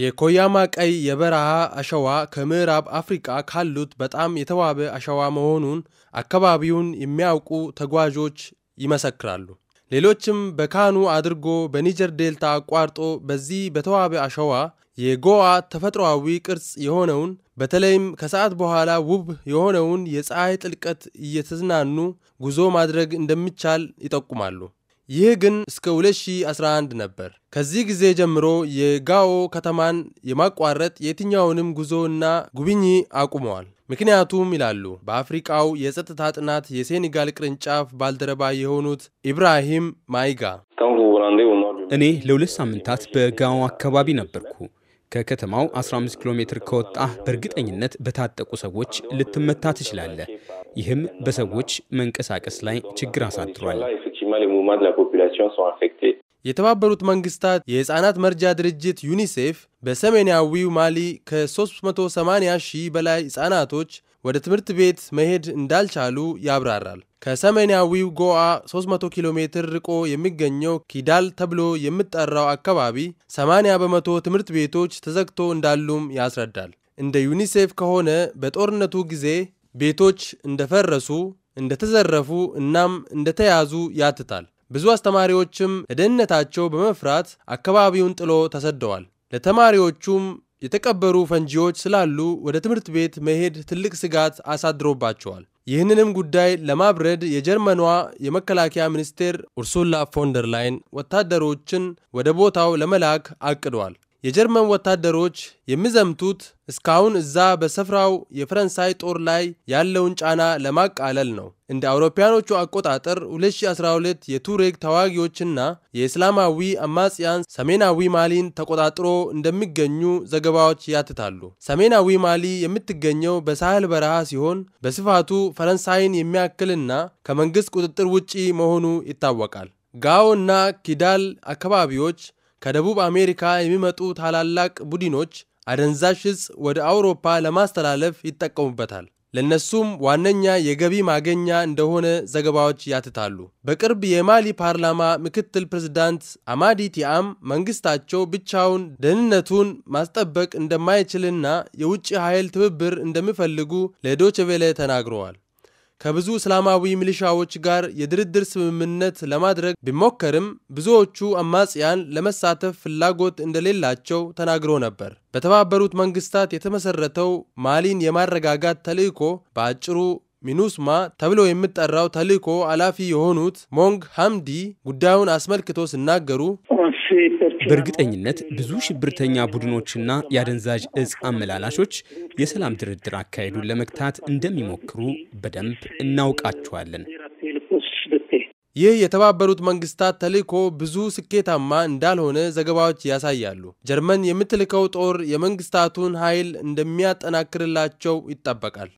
የኮያማ ቀይ የበረሃ አሸዋ ከምዕራብ አፍሪቃ ካሉት በጣም የተዋበ አሸዋ መሆኑን አካባቢውን የሚያውቁ ተጓዦች ይመሰክራሉ። ሌሎችም በካኑ አድርጎ በኒጀር ዴልታ አቋርጦ በዚህ በተዋበ አሸዋ የጎዋ ተፈጥሯዊ ቅርጽ የሆነውን በተለይም ከሰዓት በኋላ ውብ የሆነውን የፀሐይ ጥልቀት እየተዝናኑ ጉዞ ማድረግ እንደሚቻል ይጠቁማሉ። ይህ ግን እስከ 2011 ነበር። ከዚህ ጊዜ ጀምሮ የጋኦ ከተማን የማቋረጥ የትኛውንም ጉዞ እና ጉብኝ አቁመዋል። ምክንያቱም ይላሉ በአፍሪቃው የጸጥታ ጥናት የሴኔጋል ቅርንጫፍ ባልደረባ የሆኑት ኢብራሂም ማይጋ፣ እኔ ለሁለት ሳምንታት በጋኦ አካባቢ ነበርኩ። ከከተማው 15 ኪሎ ሜትር ከወጣ በእርግጠኝነት በታጠቁ ሰዎች ልትመታ ትችላለህ። ይህም በሰዎች መንቀሳቀስ ላይ ችግር አሳድሯል። የተባበሩት መንግስታት የሕፃናት መርጃ ድርጅት ዩኒሴፍ በሰሜናዊው ማሊ ከ380 ሺህ በላይ ሕፃናቶች ወደ ትምህርት ቤት መሄድ እንዳልቻሉ ያብራራል። ከሰሜናዊው ጎአ 300 ኪሎ ሜትር ርቆ የሚገኘው ኪዳል ተብሎ የሚጠራው አካባቢ 80 በመቶ ትምህርት ቤቶች ተዘግቶ እንዳሉም ያስረዳል። እንደ ዩኒሴፍ ከሆነ በጦርነቱ ጊዜ ቤቶች እንደፈረሱ፣ እንደተዘረፉ እናም እንደተያዙ ያትታል። ብዙ አስተማሪዎችም ለደህንነታቸው በመፍራት አካባቢውን ጥሎ ተሰደዋል። ለተማሪዎቹም የተቀበሩ ፈንጂዎች ስላሉ ወደ ትምህርት ቤት መሄድ ትልቅ ስጋት አሳድሮባቸዋል። ይህንንም ጉዳይ ለማብረድ የጀርመኗ የመከላከያ ሚኒስቴር ኡርሱላ ፎንደር ላይን ወታደሮችን ወደ ቦታው ለመላክ አቅደዋል። የጀርመን ወታደሮች የሚዘምቱት እስካሁን እዛ በስፍራው የፈረንሳይ ጦር ላይ ያለውን ጫና ለማቃለል ነው። እንደ አውሮፓያኖቹ አቆጣጠር 2012 የቱሬግ ተዋጊዎችና የእስላማዊ አማጽያን ሰሜናዊ ማሊን ተቆጣጥሮ እንደሚገኙ ዘገባዎች ያትታሉ። ሰሜናዊ ማሊ የምትገኘው በሳህል በረሃ ሲሆን በስፋቱ ፈረንሳይን የሚያክልና ከመንግስት ቁጥጥር ውጪ መሆኑ ይታወቃል። ጋኦ እና ኪዳል አካባቢዎች ከደቡብ አሜሪካ የሚመጡ ታላላቅ ቡድኖች አደንዛዥ እጽ ወደ አውሮፓ ለማስተላለፍ ይጠቀሙበታል። ለእነሱም ዋነኛ የገቢ ማገኛ እንደሆነ ዘገባዎች ያትታሉ። በቅርብ የማሊ ፓርላማ ምክትል ፕሬዝዳንት አማዲ ቲአም መንግስታቸው ብቻውን ደህንነቱን ማስጠበቅ እንደማይችልና የውጭ ኃይል ትብብር እንደሚፈልጉ ለዶችቬሌ ተናግረዋል። ከብዙ እስላማዊ ሚሊሻዎች ጋር የድርድር ስምምነት ለማድረግ ቢሞከርም ብዙዎቹ አማጽያን ለመሳተፍ ፍላጎት እንደሌላቸው ተናግሮ ነበር። በተባበሩት መንግስታት የተመሰረተው ማሊን የማረጋጋት ተልእኮ በአጭሩ ሚኑስማ ተብሎ የሚጠራው ተልእኮ ኃላፊ የሆኑት ሞንግ ሀምዲ ጉዳዩን አስመልክቶ ሲናገሩ በእርግጠኝነት ብዙ ሽብርተኛ ቡድኖችና የአደንዛዥ እጽ አመላላሾች የሰላም ድርድር አካሄዱን ለመግታት እንደሚሞክሩ በደንብ እናውቃቸዋለን። ይህ የተባበሩት መንግስታት ተልእኮ ብዙ ስኬታማ እንዳልሆነ ዘገባዎች ያሳያሉ። ጀርመን የምትልከው ጦር የመንግስታቱን ኃይል እንደሚያጠናክርላቸው ይጠበቃል።